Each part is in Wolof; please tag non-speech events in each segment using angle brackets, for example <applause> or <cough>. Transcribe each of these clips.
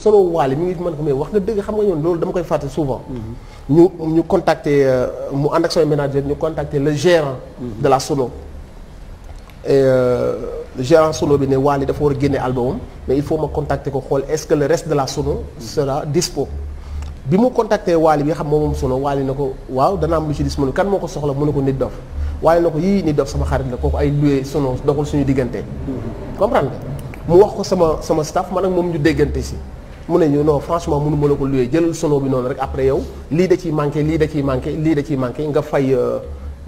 solo waale mi ngi mën ko may wax nga dëgg xam nga ñoon loolu dama koy fàtte souvent mhm. ñu ñu contacter euh, mu ànd ak sama manager le gérant mhm. de la Sono et le euh, gérant Sono ne waale dafa war a génne album mais il faut ma contacter ko xool est-ce que de la Sono sera dispo bi mu contacter waale bi nga xam moom moom Sono waale na ko waaw dana am lu ci dis mënu kan moo ko soxla mënu ko nit dof waale na ko yii nit sama xarit la Sono doxul suñu diggante mhm. comprendre nga mu wax ko sama sama staff man ak moom ñu déggante si mu ne ñu non franchement mënu ma la ko loué jëlal sono bi noonu rek après yow lii da ciy manqué lii da ciy manqué lii da ciy manqué nga fay euh,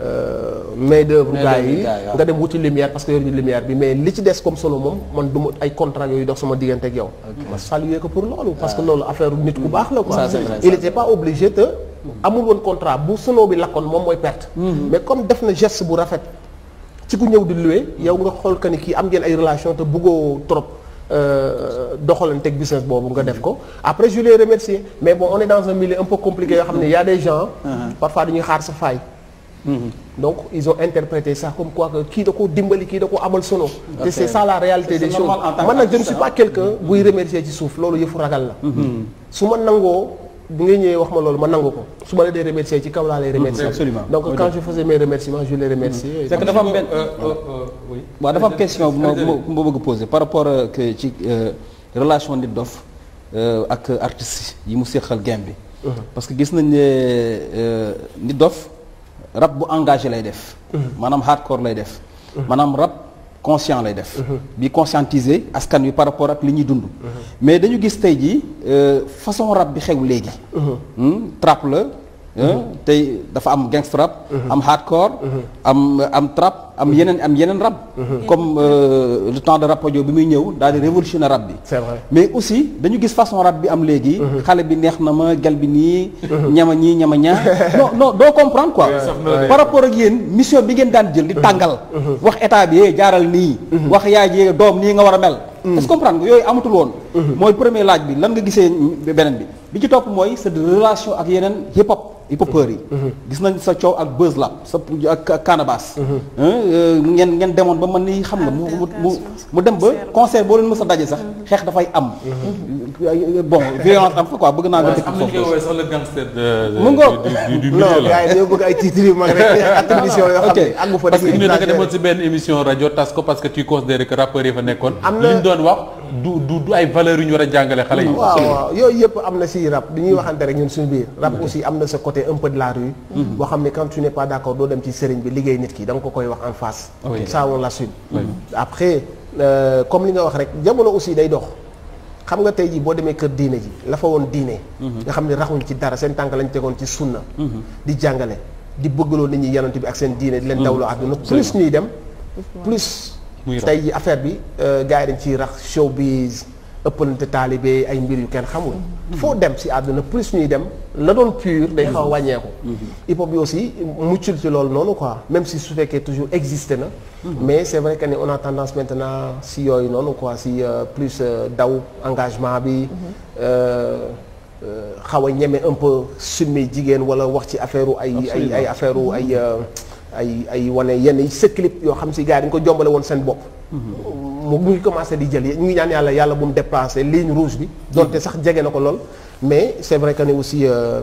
euh, main d'œuvre gars yi nga dem wuti lumière parce que yoruñu lumière bi mais li ci des comme sono moom man du ma ay contrat yooyu dox sama diggante ak yow ma saluer ko pour loolu parce que ah. loolu affaire nit ku mm. baax la quoi il était pas obligé te amul woon contrat bu sono bi lakkoon moom mooy perte mm-hmm. mais comme def na gest bu rafet ci ku ñëw di loué yow nga xool que ni kii am ngeen ay relation te bëggoo trop Euh, doxalanteeg business boobu nga def ko après je les mais bon on est dans un milieu un peu compliqué yoo xam ne y a des gens uh-huh. parfois dañuy xaar sa faay uh-huh. donc ils ont interprété ça comme quoi que kii da ko dimbali kii da ko amal solo te c'est ça la réalité des choses man nag je ne suis pas quelqu'un buy remercier ci suuf loolu yëfu ragal la uh-huh. su ma nangoo bi nga ñëwee wax ma loolu ma nangu ko su ma la dee remercier ci kaw laa lay remercier donc quand je waaw dafa am question bu ma bu ma bëgg poser par rapport ak euh, ci euh, relation Nit Doff euh, ak artistes yi mu séqal game bi uh-huh. parce que gis nañ ne Nit dof rap bu engagé lay def uh-huh. maanaam hardcore lay def uh-huh. maanaam rap conscient lay def bi conscientiser askan wi par rapport ak li ñuy dund mais dañu gis tey jii façon rap bi xew léegi hmm? trap tey dafa am gangsta rap am hardcore am am trap am yeneen am yeneen rab comme euh, le temps de Rapadio bi muy ñëw daal di révolutionner rab bi mais aussi dañu gis façon rap bi am léegi xale bi neex na ma gel bi nii ñama ñii ñama ñaa non non doo comprendre quoi par rapport ak yéen mission bi ngeen daan jël di tàngal wax état bi yee eh, jaaral nii wax yaay ji doom nii nga war a mel est-ce yooyu amatul woon mm-hmm. mooy premier laaj bi lan nga gisee beneen bi bi ci topp mooy sa relation ak yeneen hip hip hopeurs yi. gis nañ sa coow ak Buzz Lab sa ak Canabasse. Euh, ngeen ngeen demoon ba mën ni xam nga mu mu mu dem ba concert boo leen mës a daje sax xeex dafay am. bon violence am fa quoi bëgg naa nga dëkk foofu. waaw sax le gangster du du milieu la non bëgg ay titres yu mag rek attribution yoo xam ne àggu fa. parce que ñu ne da nga demoon si benn émission rajo tas ko parce que tu considères que rappeurs yi fa nekkoon. am na li ñu doon wax. du du du ay valeurs yu ñu war a jàngale xale yi. waaw waaw yooyu yëpp am na si rap bi ñuy waxante rek ñun suñu biir. rap aussi am na sa côté un peu de la rue. Mm-hmm. boo ne quand tu n'es pas d'accord doo dem ci nit ki da nga ko koy wax en face. ça euh, comme li nga wax rek jamono aussi day dox. xam nga tey jii boo demee kër diine ji la fa woon diine. Mm-hmm. nga xam ne raxuñ ci dara seen tànk lañu tegoon ci sunna. Mm-hmm. di jàngale di bëggaloo nit ñi yanante bi ak seen diine di leen dawloo àdduna plus ñuy dem plus tey ji affaire bi euh, gars yi dañ ciy rax showbiz ëppalante taalibe ay mbir yu kenn xamul. Mm-hmm. foo dem si àdduna plus ñuy dem la doon pur day xaw a mm-hmm. wàññeeku. Mm-hmm. hip hop bi aussi muccul ci lool noonu quoi même si su fekkee toujours existé na. mais c' est vrai que ni on a tendance maintenant si yooyu noonu ko si euh, plus euh, daw engagement bi. xaw a ñeme un peu summi jigéen wala wax ci affaire ay ay ay affaire ay. ay ay wane yenn yi sa yoo xam si gaa yi dañu ko jombale woon seen bopp. mu ngi commencé di jël ñu ngi ñaan yàlla yàlla bu mu dépassé ligne rouge bi. donte sax jege na ko lool. mais c' est vrai que ne aussi euh,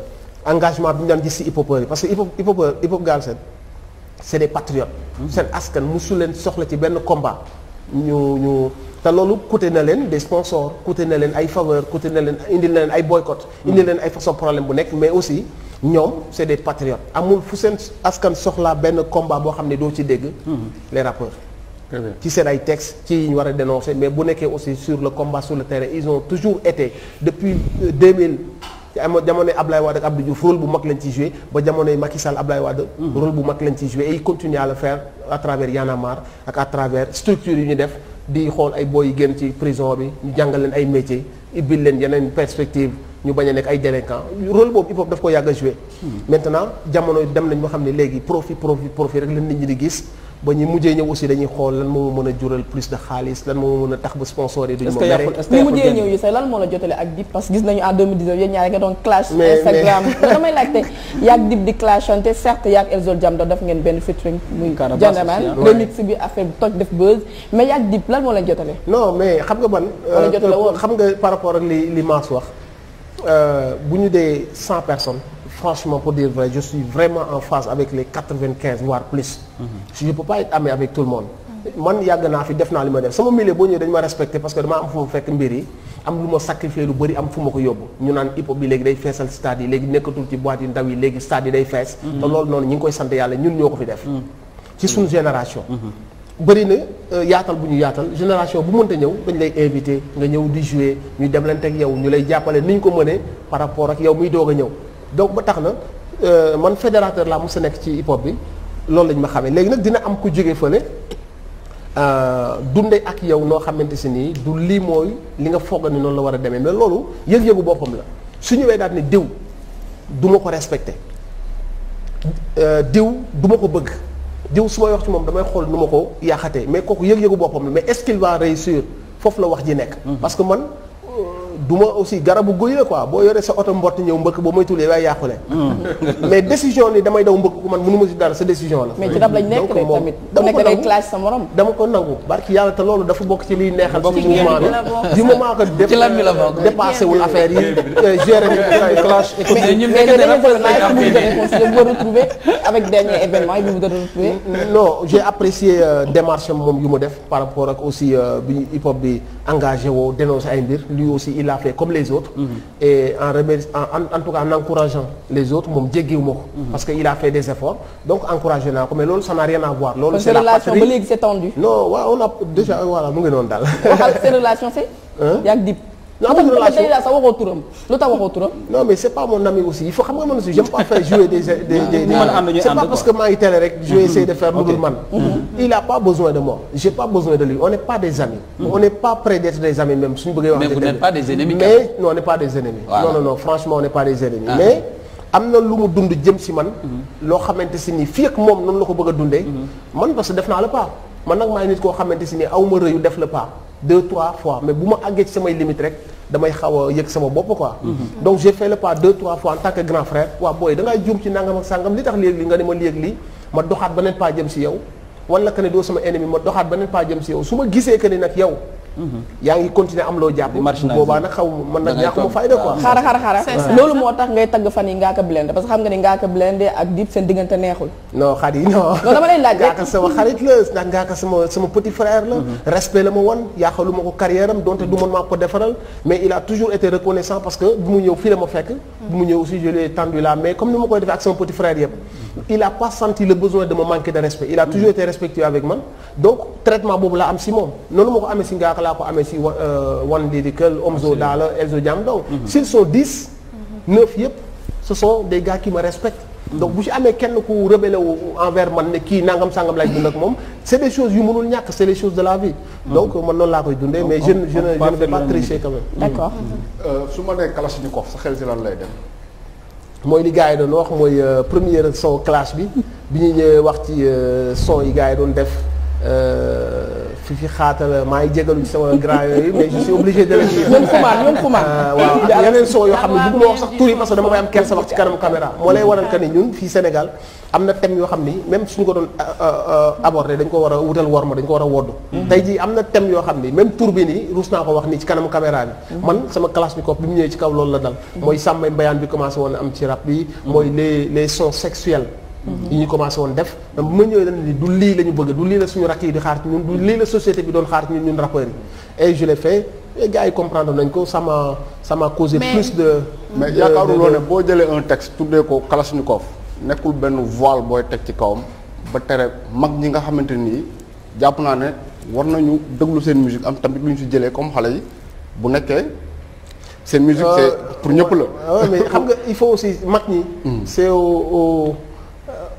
engagement bi ñu daan gis si hip yi parce que hip-hop hip-hopeur hip-hop Galsen c' est des patriotes. seen askan mosu leen soxla ci benn combat. ñu ñu te loolu coûté na leen des sponsors coûté na leen ay faveur coûté na leen indil na leen ay boycott. indil leen ay façon problème bu nekk mais aussi. ñoom c'est des patriotes amul fu seen askan soxlaa benn combat boo xam ne doo ci dégg mhm. les rapport ci seen ay textes ci yi ñu war a dénoncer mais bu nekkee aussi sur le combat sur le terrain ils ont toujours été depuis 2000 euh, amoon jamonoy Ablaye Wade ab Abdou Diouf rôle bu mag lañ ci joué ba jamonoy Macky Sall Ablaye Wade mhm. rôle bu mag lañ ci joué et ils à le faire à travers Y'en a marre ak à travers structure yi ñu def di xool ay boy yi génn ci prison bi ñu ay métiers ibbil leen yeneen perspective ñu bañ a nekk ay délinquant rôle boobu hip hop daf ko yàgg a joué. maintenant jamono dem nañ ba xam ne léegi profit profit profit rek lañ nit ñi di gis ba ñu mujjee ñëw aussi dañuy xool lan moo mën a jural plus de xaalis lan moo mën a tax ba sponsor yi. duñu ma mere est-ce que ñu mujjee ñëw yi sax lan moo la jotale ak Dip parce que gis nañu en 2019 yéen ñaar nga <laughs> ngeen benn featuring muy. Jandaman remix bi affaire bi toj def mais Dip lan moo la jotale. non mais xam nga man. moo la euh, jotale euh, xam nga par rapport ak li wax Euh, bu ñu dee cent personnes franchement pour dire vrai je suis vraiment en phase avec les quatre-vingt-quinze voire plus. si mhm. je peux pas être ami avec tout le monde. man yàgg naa fi def naa li ma def sama milieu boo ñëwee dañu ma respecté parce que damaa am fu ma fekk mbir yi am lu ma sacrifié lu bëri am fu ma ko yóbbu ñu naan hip hop bi léegi day feesal stade yi léegi nekkatul ci boîte yu ndaw yi léegi stade yi day fees. Mhm. te noonu ñi ngi koy sante yàlla ñu ñoo ko fi def. Mhm. ci suñu génération. bari na euh, yaatal bu ñu yaatal génération bu mënta ñëw dañ lay invité nga ñëw di jouer ñuy demlante ak yow ñu lay jàppale ni ñu ko mënee par rapport ak yow muy doog a ñëw donc ba tax na euh, man fédérateur laa mos sa nekk ci hip hop bi loolu lañ ma xamee léegi nag dina am ku jóge fële euh, dunde ak yow noo xamante si nii du lii mooy li nga foog ni noonu la war a demee mais loolu yëg-yëgu boppam la su ñëwee daal ni diw duma ko respecté diw du ma ko bëgg. jiw su may wax ci moom damay xool nu ma ko yaaxatee mais kooku yëg-yëgu boppam la mais est-ce qu'il foofu la wax ji nekk mm-hmm. parce que man duma aussi garabu guy la quoi boo yoree sa oto mbott ñëw mbëkk ba moytuwulee waaye yàqule hmm. mais décision ni damay daw mbëkk ko man mënu ma si dara sa décision la. mais ci dab lañ nekk rek tamit ku nekk day sa morom. dama ko nangu barki yàlla te loolu dafa bokk ci liy neexal. bokk ci mouvement bi du moment que. affaire yi euh, mais événement yi mu doon retrouver. Mm-hmm. non j'ai apprécié euh, démarche moom yu mu def par rapport ak aussi euh, bi hip hop bi engagé woo dénoncé ay mbir lui aussi l'a fait comme les autres. Mhm. et en remerciant en en tout cas en encourageant les autres moom jéggiwuma ko. Mhm. parce que il a fait des efforts donc encouragé naa ko mais loolu ça n'a rien à voir. loolu c'est la relation ba léegi c'est tendu. non waaw on a déjà voilà mu ngi noonu daal. waxal seen relation c'est. yaa ngi non amul relation sax waxoo turam lu tax waxoo turam. non mais c' est pas mon ami aussi il faut xam nga man aussi j'aime pas faire jouer des des des. <laughs> ñu mën a ànd ñu ànd c' est pas parce que maa ngi télé rek. je vais mm-hmm. essayer de faire lu dul man. Mm-hmm. Mm-hmm. il a pas besoin de moi. j'ai pas besoin de lui on n' est pas des amis. on n' est pas près d' être des amis même suñu bëggee wax. mais vous n' êtes pas des ennemis. mais non on n' est pas des ennemis. non non non franchement on n' est pas des ennemis. Ah. mais am na lu mu dund jëm si man. loo xamante si ni fii ak moom noonu la ko bëgg a dundee. man parce que def naa la pas man nag maa ngi nit koo xamante si ni aw ma rëyu def la pas deux trois fois mais bu ma àggee ci samay limite rek damay xaw a yëg sama bopp quoi. Mhm. donc j'ai fait le pas deux trois fois en tant que grand frère waa booy da ngay ci nangam ak sàngam li tax léeg-li nga ne ma léeg-li ma doxaat beneen pas jëm si yow. wala que ne doo sama ennemi ma doxaat beneen pas jëm si yow su ma gisee que ni nag yow Mm-hmm. yaa ngi continuer am loo jàpp. boobaa nag xaw ma mën na ñàkkuma fayda quoi. Ah. xaaral xaaral loolu moo tax ngay tagg fan yi Ngaaka Blindé parce que xam nga ni Ngaaka Blindé ak Dip seen diggante neexul. non <laughs> mm-hmm. ma ko mm-hmm. a defee ak sama petit frère yëpp. il a pas senti le besoin de manquer de respect. il a toujours été respectueux avec man donc traitement boobu la am si moom noonu ma ko amee si Ngaaka laa ko amee si wan euh, lyrical Omzo Dollar Elzo Jam donc mhm. s'ils sont dix neuf yëpp ce sont des gars qui me respectent mhm. donc bu si amee kenn ku rebelle wu envers man ne kii nangam sangam laay dund moom c' est des choses yu mënul ñàkk la vie. Mhm. donc man noonu laa koy dundee mais je ne je ne je ne vais pas tricher quand euh, su ma nee kalashnikov sa xel si lan lay dem. mooy li gars yi doon wax mooy euh, première son clash bi bi ñu ñëwee wax ci son yi gars yi doon def. su fi xaatal maa ngi jégalu ci sama grand yooyu mais je suis obligé de le dire. ñoom euh, waaw yeneen son yoo xam ne ah, bëgguma wax sax tur yi parce que dama koy am kersa wax ci kanamu caméra. moo lay waral que ni ñun fii ni même suñu ko doon euh, euh, aborder dañ ko war a wutal worma dañ war a wodd. Mm-hmm. tey jii am na thème yoo xam ni même tur bi nii ruus naa ko wax nii ci kanamu caméra mm-hmm. man sama classe bi ko bi mu ñëwee ci kaw loolu la dal. Mm-hmm. mooy sàmmay mbayaan bi commencé woon am ci rab bi. mooy les les sons sexuels. Mm-hmm. yi ñu commencé woon def bu ma ñëwee du lii la ñu bëgg du lii la suñu rakk yi di xaar ci ñun du lii la société bi doon xaar ci ñun ñun rappeurs yi et je l'ai fait et gars yi comprendre nañ ko ça m'a ça m'a causé plus ko nekkul benn voile booy teg ci kawam ba tere mag ñi nga xamante nii jàpp naa ne war nañu déglu seen musique am tamit lu ñu si jëlee comme xale yi bu nekkee seen musique euh, pour ñëpp la xam nga il faut si mag ñi mm. c'est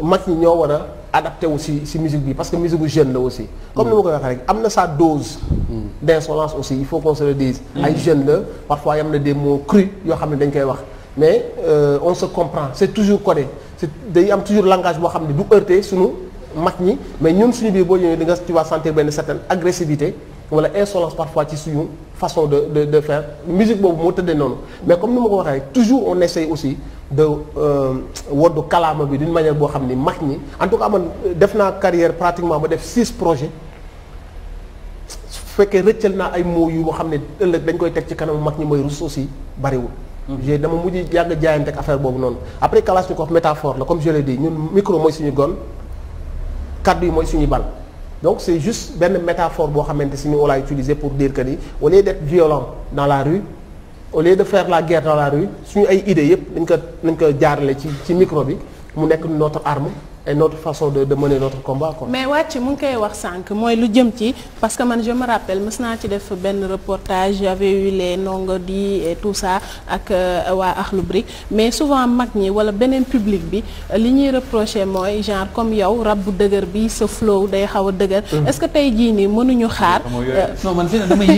mag ñi ñoo war a adapté wu si si musique bi parce que musique bu jeune la aussi. comme ni ma ko waxee rek am na sa dose. d' insolence aussi il faut qu'on se le dise. Mm. ay jeune la parfois yam na yoo xam ne dañ koy wax mais euh, on se comprend toujours codé c' am toujours langage boo xam ne du heurté suñu mag ñi mais ñun suñu biir boo ñëwee di nga tu vas sentir benn certaine agressivité. wala voilà, insolence parfois ci suñu façon de de de faire musique boobu moo tëddee noonu mais comme ni ma ko waxee toujours on essaye aussi de euh, woddu kalaama bi d'une manière boo xam ni mag ñi en tout def naa carrière pratiquement ba def six projet su fekkee rëccal naa ay mots yu ma xam ne ëllëg dañ koy teg ci kanam mag ñi mooy rus aussi bariwul. Mm-hmm. j'ai dama mujj yàgg jaayante ak affaire boobu noonu après Kalashnikov métaphore la comme je l'ai dit ñun micro mooy suñu gon kaddu yi mooy suñu bal donc c'est juste benn métaphore boo xamante si ni on l'a pour dire que ni au lieu d'être violent au lieu de faire la guerre dans la rue suñu ay idée yëpp dañ ko dañ ko jaarale ci ci micro bi mu nekk notre armo et notre façon de de mener notre combat quoi. mais wàcc mu ngi koy wax sànq mooy lu jëm ci parce que man je me rappelle mës naa ci def benn reportage j'avais eu les di et tout ak euh, waa Akhlou Brick mais souvent mag ñi wala beneen public bi li ñuy reprocher mooy genre comme yow rab bu dëgër bi sa flow day xaw a dëgër. Mm-hmm. est que tey jii nii mënuñu xaar. Euh, non man fii nag damay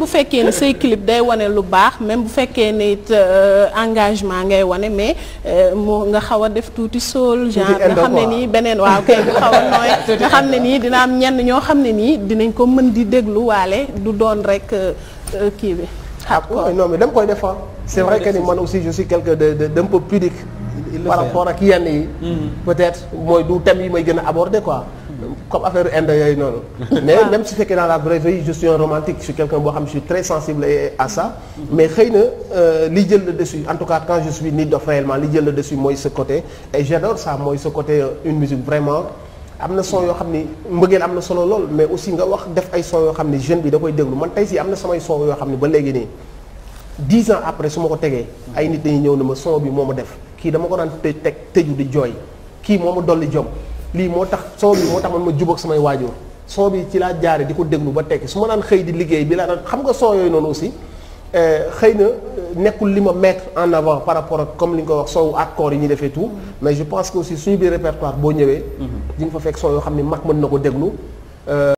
bu fekkee ne say clip day wane lu baax même. bu fekkee ne it euh, engagement ngay wane mais euh, moo nga xaw a def tuuti sol genre nga xam ne nii beneen waaw kay nga xaw a <laughs> nga xam ne nii dina am ñenn ñoo xam ne nii dinañ ko mën di déglu waale du doon rek euh, kii bi waaw ah, non mais dama koy defar ah. c'est vrai que ni man aussi je suis quelqu'un de de d'un peu pudique par ak yenn yi mm-hmm. peut-être mooy du thème yi may gën a aborde quoi comme affaire inde yooyu noonu. <laughs> mais même si fekkee dans la vraie vie je romantique je suis quelqu'un boo xam je suis sensible à mm-hmm. mais xëy na euh, li jël le dessus en tout cas quand je suis nit dof réellement li jël le dessus mooy ce côté et j'adore ça mooy sa côté euh, une musique vraiment. am na son yoo xam ni mbëggeel am na solo lool mais aussi nga wax def ay son yoo xam ni jeune bi da koy déglu man tey si am na samay son yoo xam ni ba léegi nii dix ans après su ma ko tegee. ay nit dañuy ñëw ne ma son bi moo ma def kii dama ko daan tëj teg tëju di jooy kii moo ma dolli jom. lii moo tax son bi moo tax man ma jubóog samay waajur son bi ci laa jaare di ko déglu ba tekki su ma naan xëy di liggéey bi laa daan xam nga son yooyu noonu aussi eh, xëy na eh, nekkul li ma mettre en avant par rapport ak comme li nga ko wax soowu accord yi ñuy defee tout mais je pense que aussi suñu biir répertoire boo ñëwee mm-hmm. di nga fa fekk son yoo xam ne mag mën na ko déglu euh,